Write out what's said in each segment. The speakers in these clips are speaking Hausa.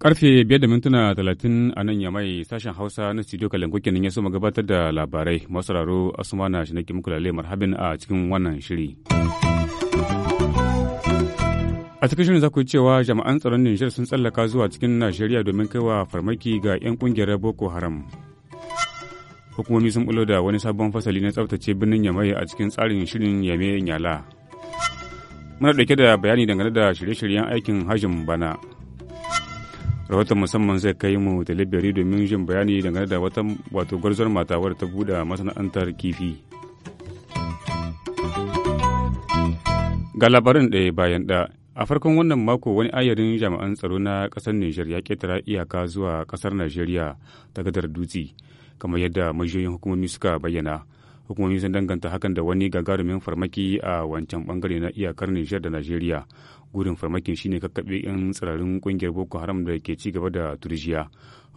Karfe biyar da mintuna talatin a nan ya mai sashen Hausa na studio Kalangu kenan ya soma gabatar da labarai. Masu raro Asumana shi nake muku lalle marhabin a cikin wannan shiri. A cikin shirin za cewa jami'an tsaron Nijar sun tsallaka zuwa cikin Najeriya domin kaiwa farmaki ga 'yan kungiyar Boko Haram. hukumomi sun bulo da wani sabon fasali na tsabtace birnin yamai a cikin tsarin shirin yame nyala muna dauke da bayani dangane da shirye-shiryen aikin hajjin bana rahoton musamman zai kai mu da domin jin bayani dangane da wata wato gwarzon mata wadda ta buɗe masana'antar kifi ga labarin ɗaya bayan ɗaya A farkon wannan mako wani ayarin jami'an tsaro na kasar Nijar ya ketara iyaka zuwa kasar Najeriya ta gadar dutse, kamar yadda majiyoyin hukumomi suka bayyana. Hukumomi sun danganta hakan da wani gagarumin farmaki a wancan bangare na iyakar Nijar da Najeriya. gurin farmakin shine kakkaɓe 'yan tsirarin ƙungiyar Boko Haram da ke ci gaba da turjiya.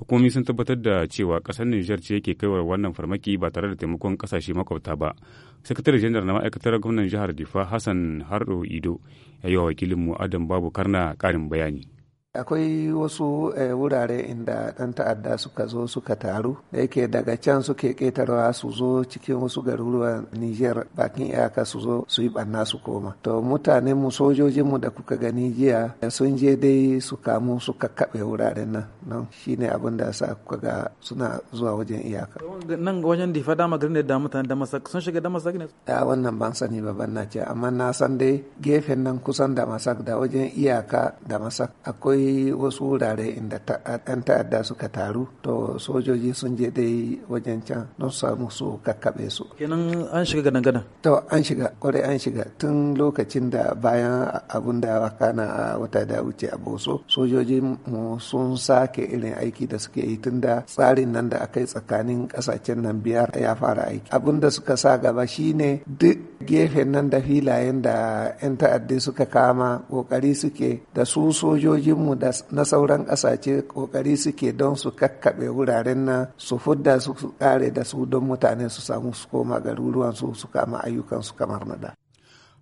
hukumomi sun tabbatar da cewa kasar nijar ce ke kaiwa wannan farmaki ba tare da taimakon kasashe makwabta ba sakatare janar na ma'aikatar gwamnan jihar difa hassan hardo ido ya yi wa wakilinmu adam babu karna karin bayani akwai wasu eh, wurare inda ɗan ta'adda suka zo suka taru da yake daga can suke ƙetarwa su zo cikin wasu garuruwan niger bakin iyaka su zo su yi ɓanna su koma to mutane mu sojoji mu da kuka gani jiya sun je dai su kamu su kakkaɓe wuraren nan nan shine abin da sa kuka ga suna zuwa wajen iyaka nan wajen difa dama garin da mutane da masak sun shiga da masak ne a wannan ban sani ba ban na ce amma na san dai gefen nan kusan da masak da wajen iyaka masak akwai akwai wasu wurare inda yan ta'adda suka taru to sojoji sun je dai wajen can don samu su kakkaɓe su kenan an shiga ganan ganan to an shiga kwarai an shiga tun lokacin da bayan abun da kana a wata da wuce a boso sojoji mu sun sake irin aiki da suke yi tun da tsarin nan da aka yi tsakanin kasashen nan biyar ya fara aiki abun da suka sa gaba shine duk gefen nan da filayen da 'yan ta'addi suka kama kokari suke da su sojojinmu na sauran ƙasashe kokari suke don su kakkaɓe wuraren nan su fudda su kare da su don mutane su samu su koma garuruwan su su kama ayyukan su kamar na da.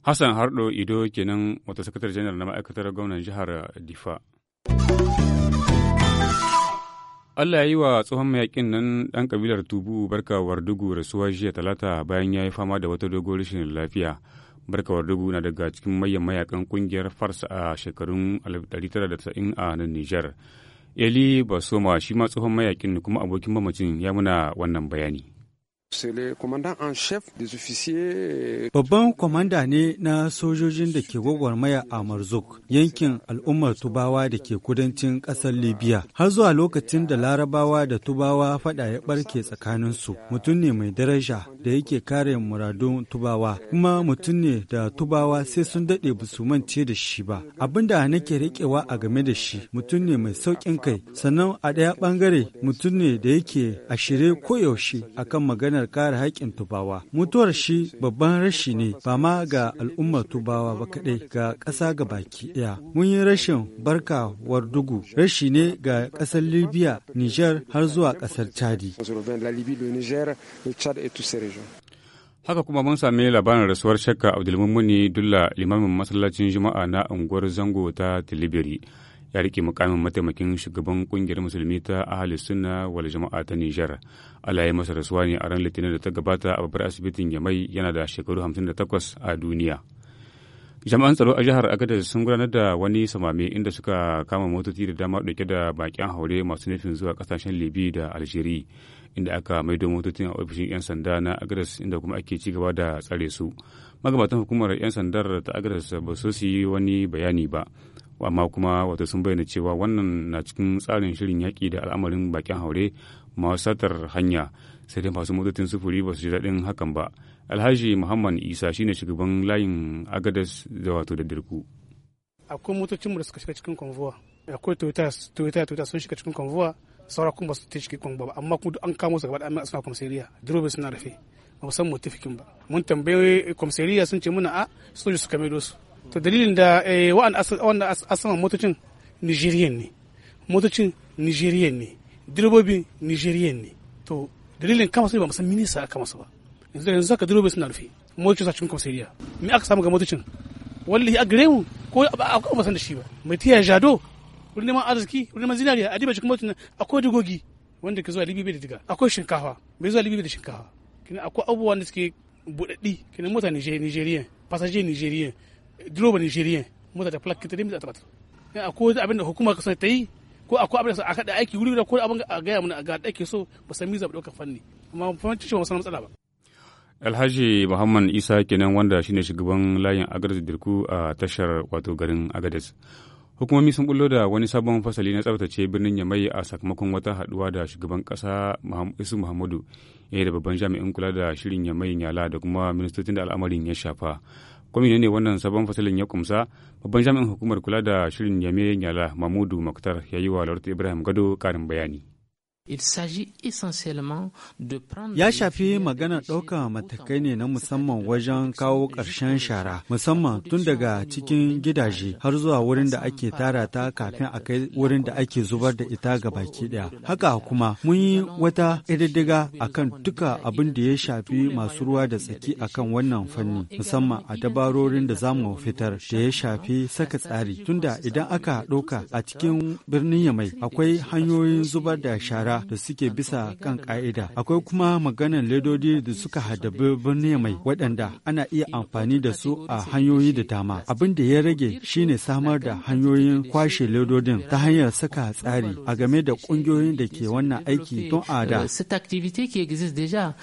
Hassan Hardo Ido kenan wata sakatar janar na ma'aikatar gwamnan jihar Difa. Allah ya yi wa tsohon mayakin nan ɗan kabilar Tubu barka Wardugu rasuwa jiya talata bayan ya yi fama da wata dogon rashin lafiya. Barka Wardugu na daga cikin mayan mayakan kungiyar Fars a shekarun 1990 a nan Nijar. Eli Basoma shi ma tsohon mayakin kuma abokin mamacin ya muna wannan bayani. Euh, Babban kwamanda ne na sojojin da ke gwagwarmaya a Marzuk, yankin al'ummar Tubawa da ke kudancin ƙasar Libya. Har zuwa lokacin da Larabawa da Tubawa faɗa ya ɓarke tsakaninsu, mutum ne mai daraja da yake kare muradun Tubawa, kuma mutum ne da Tubawa sai sun daɗe ba mance da shi ba. Abin da nake riƙewa a game da shi, mutum ne mai sauƙin kai, sannan a ɗaya ɓangare mutum ne da yake a shirye koyaushe akan magana maganar kare haƙƙin Tubawa. Mutuwar shi babban rashi ne ba ma ga al'ummar Tubawa ba kaɗai ga ƙasa ga baki ɗaya. Mun yi rashin barkawar dugu, rashi ne ga ƙasar Libya, Nijar har zuwa ƙasar Chadi. Haka kuma mun sami labarin rasuwar shakka Abdulmumuni Dulla limamin masallacin Juma'a na unguwar Zango ta Tilibiri. ya rike mukamin mataimakin shugaban kungiyar musulmi ta ahli sunna wal jama'a ta niger Allah ya masa rasuwa ne a ran Litinin da ta gabata a babbar asibitin Yamai yana da shekaru 58 a duniya. jama'an tsaro a jihar Agadez sun gudanar da wani samami inda suka kama motoci da dama dauke da bakin haure masu nufin zuwa kasashen Libya da Algeria. inda aka maido motocin a ofishin 'yan sanda na agadas inda kuma ake ci gaba da tsare su magabatan hukumar 'yan sandar ta agadas ba su yi wani bayani ba amma kuma wato sun bayyana cewa wannan na cikin tsarin shirin yaƙi da al'amarin bakin haure masu satar hanya sai dai masu motocin sufuri ba su ji daɗin hakan ba alhaji muhammad isa shine shugaban layin agadas da wato da dirku akwai motocinmu da suka shiga cikin konvowa akwai toyota toyota sun shiga cikin konvowa saura kuma su ta cikin konvowa ba amma kuma an kamo su gaba da amma suna komisariya durobe suna rufe ba mu san motifikin ba mun tambaye komisariya sun ce muna a ah, soji suka maido su to dalilin da eh, wanda asaman motocin nigerian ne motocin nigerian ne direbobin nigerian ne to dalilin kama su ba musan minista aka masu ba yanzu yanzu saka direbobi suna rufe motocin sa cikin kwamsariya me aka samu ga motocin wallahi a gare mu ko a kuma san da shi ba mai tiya jado wurin neman arziki wurin neman zinariya a dibe cikin motocin akwai dugogi wanda ke zuwa libi bai da diga akwai shinkafa bai zuwa libi bai da shinkafa kina akwai abubuwan da suke buɗaɗɗi kina mota nigerian fasaje nigerian diloba nigerian mota da plaque ta mita tabbatar ne akwai abin da hukumar ka ta yi ko akwai abin da aka da aiki wuri da ko abin a gaya mana ga da ake so ba san miza ba ɗaukar fanni amma fahimci cewa sanar matsala ba. Alhaji Muhammad Isa kenan wanda shine shugaban layin Agadez Dirku a tashar wato garin Agadez. Hukumomi sun bullo da wani sabon fasali na tsabtace birnin Yamai a sakamakon wata haduwa da shugaban kasa Isu Muhammadu yayin eh, da babban jami'in kula da shirin Yamai Yala da kuma ministocin da al'amarin ya shafa. kwamini ne wannan sabon fasalin ya kumsa babban jami'in hukumar kula da shirin yame yala mamudu maktar ya yi wa ibrahim gado karin bayani Ya shafi magana ɗaukar matakai ne na musamman wajen kawo ƙarshen shara, musamman tun daga cikin gidaje har zuwa wurin da ake tara ta kafin a kai wurin da ake zubar da ita ga baki ɗaya. Haka kuma mun yi wata ƙididdiga kan duka abin da ya shafi masu ruwa da tsaki a kan wannan fanni, musamman a dabarorin da za mu fitar da ya shafi saka tsari, tunda idan aka ɗauka a cikin birnin Yamai akwai hanyoyin zubar da shara da suke bisa kan ka'ida. Akwai kuma maganan ledodi da suka haddabi birni mai waɗanda ana iya amfani da su a hanyoyi da dama. Abin da ya rage shine samar da hanyoyin kwashe ledodin ta hanyar saka tsari a game da ƙungiyoyin da ke wannan aiki don a da.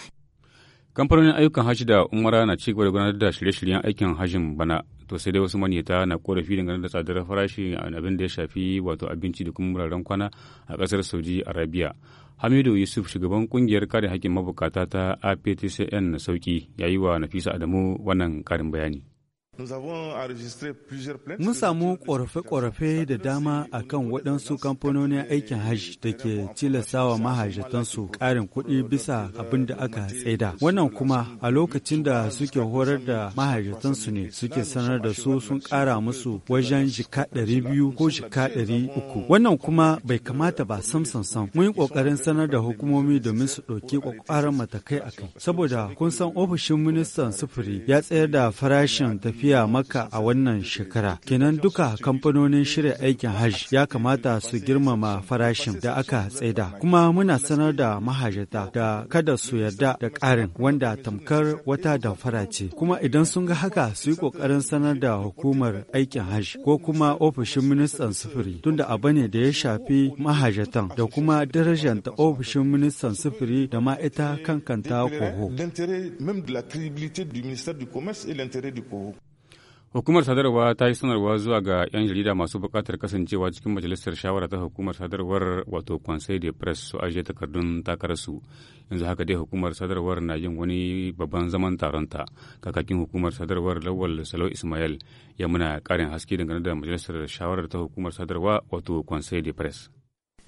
Kamfanonin ayyukan hajji da umara na ci gaba da gudanar da shirye-shiryen aikin hajjin bana to sai dai wasu manyata na korafi dangane da tsadar farashi abin da ya shafi wato abinci da kuma muraren kwana a kasar saudi arabia hamidu yusuf shugaban kungiyar kare hakkin mabukata ta aptcn na sauki ya yi wa nafisa adamu wannan karin bayani Mun samu ƙorafe-ƙorafe da dama a kan waɗansu kamfanonin aikin hajji da ke tilastawa mahajjatansu ƙarin kuɗi bisa abin da aka tsaida. Wannan kuma a lokacin da suke horar da mahajjatansu ne suke sanar da su sun ƙara musu wajen jika ɗari biyu ko jika ɗari uku. Wannan kuma bai kamata ba sam sam sam. Mun yi ƙoƙarin sanar da hukumomi domin su ɗauki ƙwaƙwaran matakai a kai. Saboda kun san ofishin ministan sufuri ya tsayar da farashin tafiya tafiya maka a wannan shekara. Kenan duka kamfanonin shirya aikin hajj ya kamata su girmama farashin da aka tsaida. Kuma muna sanar da mahajata da kada su yarda da ƙarin wanda tamkar wata damfara ce. Kuma idan sun ga haka su yi ƙoƙarin sanar da hukumar aikin hajj ko kuma ofishin ministan sufuri tunda abu ne da ya shafi mahajatan da kuma darajar da ofishin ministan sufuri da ma ita kankanta koho. Hukumar sadarwa ta yi sanarwa zuwa ga 'yan jarida masu bukatar kasancewa cikin majalisar shawara ta hukumar sadarwar wato Conseil de Presse su ajiye takardun takararsu. Yanzu haka dai hukumar sadarwar na yin wani babban zaman taronta. Kakakin hukumar sadarwar Lawal Salo Ismail ya muna ƙarin haske dangane da majalisar shawarar ta hukumar sadarwa wato Conseil de Presse.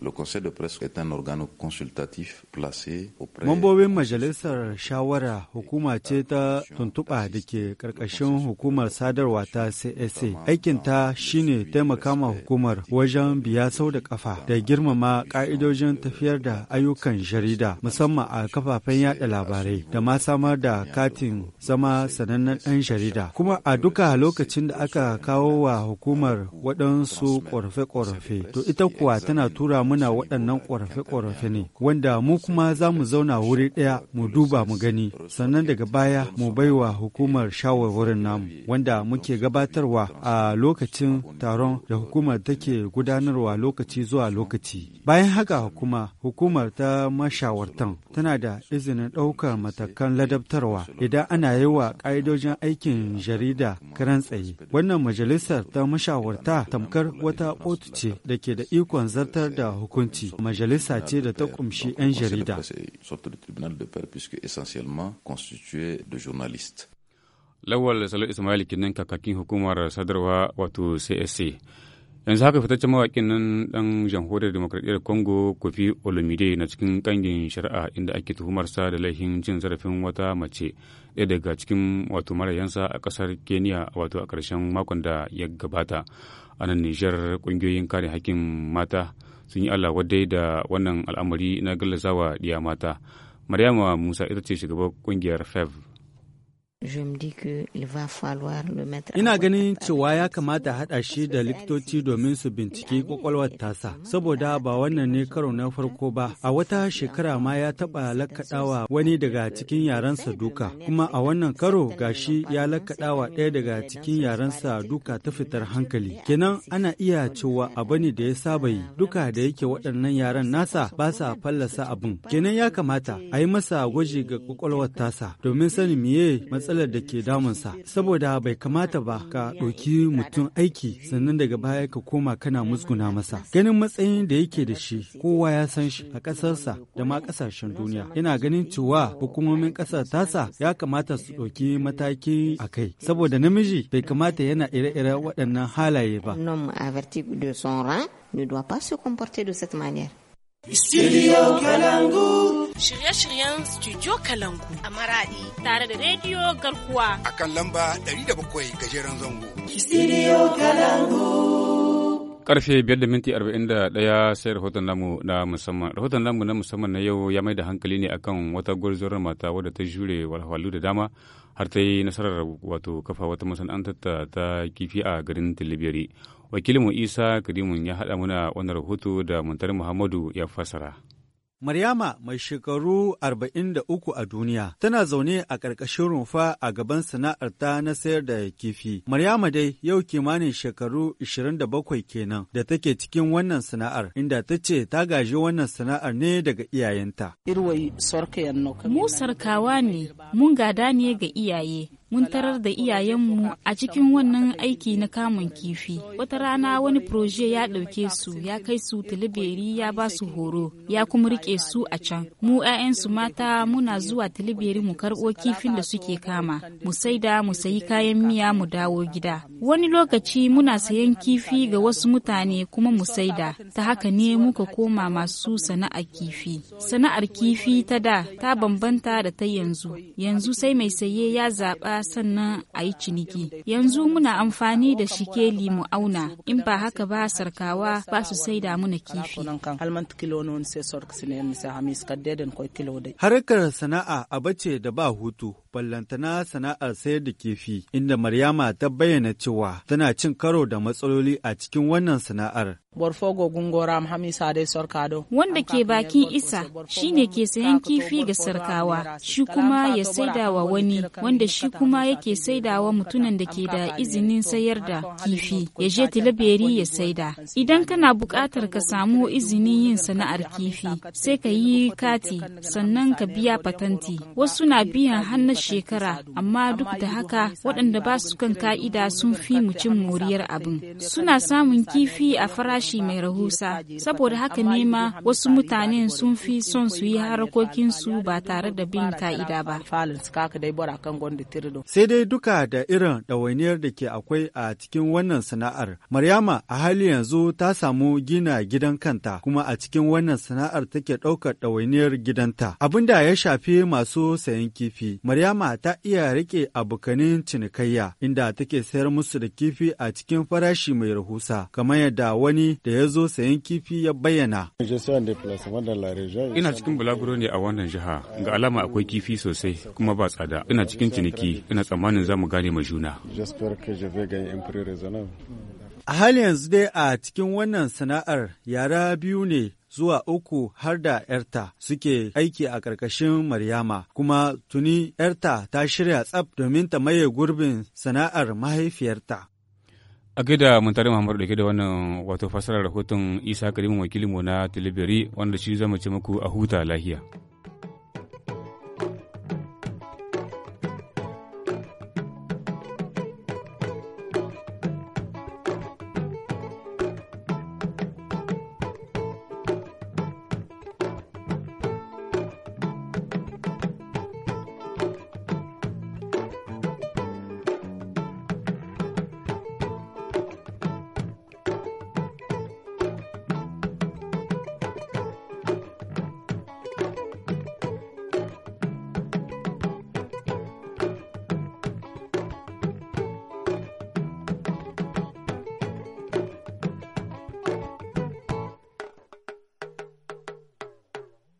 Le conseil de presse est un organe consultatif placé auprès Mambobin majalisar shawara hukuma ce ta tuntuɓa da ke ƙarƙashin hukumar sadarwa ta CSA. Aikinta shine taimaka ma hukumar wajen biya sau da ƙafa da girmama ƙa'idojin tafiyar da ayyukan jarida musamman a kafafen yada labarai da ma samar da katin zama sanannen ɗan jarida. Kuma a duka lokacin da aka kawo wa hukumar waɗansu ƙorafe-ƙorafe to ita kuwa tana tura muna waɗannan ƙorafe-ƙorafe ne wanda mu kuma za mu zauna wuri ɗaya mu duba mu gani sannan daga baya mu baiwa hukumar shawarwarin namu wanda muke gabatarwa a lokacin taron da hukumar take gudanarwa lokaci zuwa lokaci bayan haka kuma hukumar ta mashawartan tana da izinin ɗaukar matakan ladabtarwa idan ana yi wa ƙa'idojin aikin jarida karan tsaye wannan majalisar ta mashawarta tamkar wata kotu ce da ke da ikon zartar da hukunci majalisa ce da ta kumshi 'yan jarida lawal salo ismail kinan kakakin hukumar sadarwa wato csc yanzu haka fitaccen mawaƙin nan ɗan jamhuriyar demokradiyyar congo kofi olomide na cikin ƙangin shari'a inda ake tuhumarsa da laifin cin zarafin wata mace ɗaya daga cikin wato marayansa a kasar kenya wato a karshen makon da ya gabata a nan nijar ƙungiyoyin kare hakkin mata sun yi Allah wadai da wannan al'amari na gallazawa diya mata. Maryama Musa ita ce shugaban kungiyar FEV. Ina ganin cewa ya kamata haɗa shi da likitoci domin su binciki kwakwalwar tasa, saboda ba wannan ne karo na farko ba. A wata shekara ma ya taɓa lakaɗawa wani daga cikin yaransa duka, kuma a wannan karo gashi ya lakaɗawa ɗaya daga cikin yaransa duka ta fitar hankali. Kenan ana iya cewa abu ne da ya saba yi, duka da yake waɗannan yaran nasa ba sa fallasa abin. Kenan ya kamata a yi masa gwaji ga kwakwalwar tasa domin sanin miye matsalar da ke damunsa saboda bai kamata ba ka ɗauki mutum aiki sannan daga baya ka koma kana musguna masa ganin matsayin da yake da shi kowa ya san shi a ƙasarsa da ma ƙasashen duniya yana ganin cewa hukumomin ƙasar tasa ya kamata su ɗauki mataki a kai saboda namiji bai kamata yana ire-ire waɗannan halaye ba ne doit pas de Studio Kalangu. shirye-shiryen Studio Kalangu a Maradi tare da rediyo Garkuwa a kan lamba 700 gajeren zango. Studio Kalangu. Karfe 5.41 sai rahoton namu na musamman. Rahoton namu na musamman na yau ya mai da hankali ne akan wata gwarzuwar mata wadda ta jure walhalu da dama har ta yi nasarar wato kafa wata masana'antar ta kifi a garin Tilibiri. Wakilinmu Isa Kadimun ya haɗa muna wannan rahoto da Muntar Muhammadu ya fasara. Maryama mai shekaru arba'in da uku a duniya tana zaune a ƙarƙashin rumfa a gaban sana'ar ta na sayar da kifi. Maryama dai yau kimanin shekaru 27 kenan da take cikin wannan sana'ar inda ta ce ta gaji wannan sana'ar ne daga iyayenta. Mu sarkawa ne, mun gada ne ga iyaye mun tarar da iyayenmu a cikin wannan aiki na kamun kifi wata rana wani proje ya ɗauke su ya kai su tilibiri ya ba su horo ya kuma rike su a can mu 'ya'yansu mata muna zuwa tilibiri mu karɓo kifin da suke kama mu saida mu sayi kayan miya mu dawo gida wani lokaci muna sayan kifi ga wasu mutane kuma mu saida ta haka ne muka koma masu sana'ar kifi sana'ar kifi ta da ta bambanta da ta yanzu yanzu sai mai saye ya zaɓa sannan a yi ciniki. Yanzu muna amfani da shikeli mu auna in ba haka ba sarkawa ba su sai da muna kifi. Harkar sana'a abace da ba hutu ballantana sana'ar sayar da kifi, inda Maryama ta bayyana cewa tana cin karo da matsaloli a cikin wannan sana'ar. Wanda ke bakin isa shine ke sayan kifi ga sarkawa, shi kuma ya saidawa wani wanda shi kuma yake saidawa mutumin da ke da izinin sayar da kifi, ya je tilaberi ya saida. Idan kana bukatar ka samu izinin yin sana'ar kifi, sai ka yi kati sannan ka biya patanti. Wasu na biyan hannu shekara amma duk da haka waɗanda ba su kan ka'ida sun fi mu cin moriyar abin suna samun kifi a farashi mai rahusa saboda haka ne ma wasu mutanen sun fi son su yi harkokinsu ba tare da bin ka'ida ba sai dai duka da irin ɗawainiyar da ke akwai a cikin wannan sana'ar maryama a hali yanzu ta samu gina gidan kanta kuma a cikin wannan sana'ar take ɗaukar ɗawainiyar gidanta abinda ya shafi masu sayan kifi maryama nama ta iya rike abokanin cinikayya inda take sayar musu da kifi a cikin farashi mai rahusa kamar yadda wani da ya zo sayan kifi ya bayyana. Ina cikin bulaguro ne a wannan jiha ga alama akwai kifi sosai kuma ba tsada ina cikin ciniki ina tsammanin za mu gane ma juna. A hali yanzu dai a cikin wannan sana'ar yara biyu ne zuwa uku har da ‘yarta suke aiki a ƙarƙashin Maryama, kuma tuni ‘yarta ta shirya tsab domin ta maye gurbin sana'ar mahaifiyarta. a gaida muntari muhammadu ke da wannan wato fasarar rahoton isa karimin wakilinmu na tilibiri wanda shi zama ce muku a huta lahiya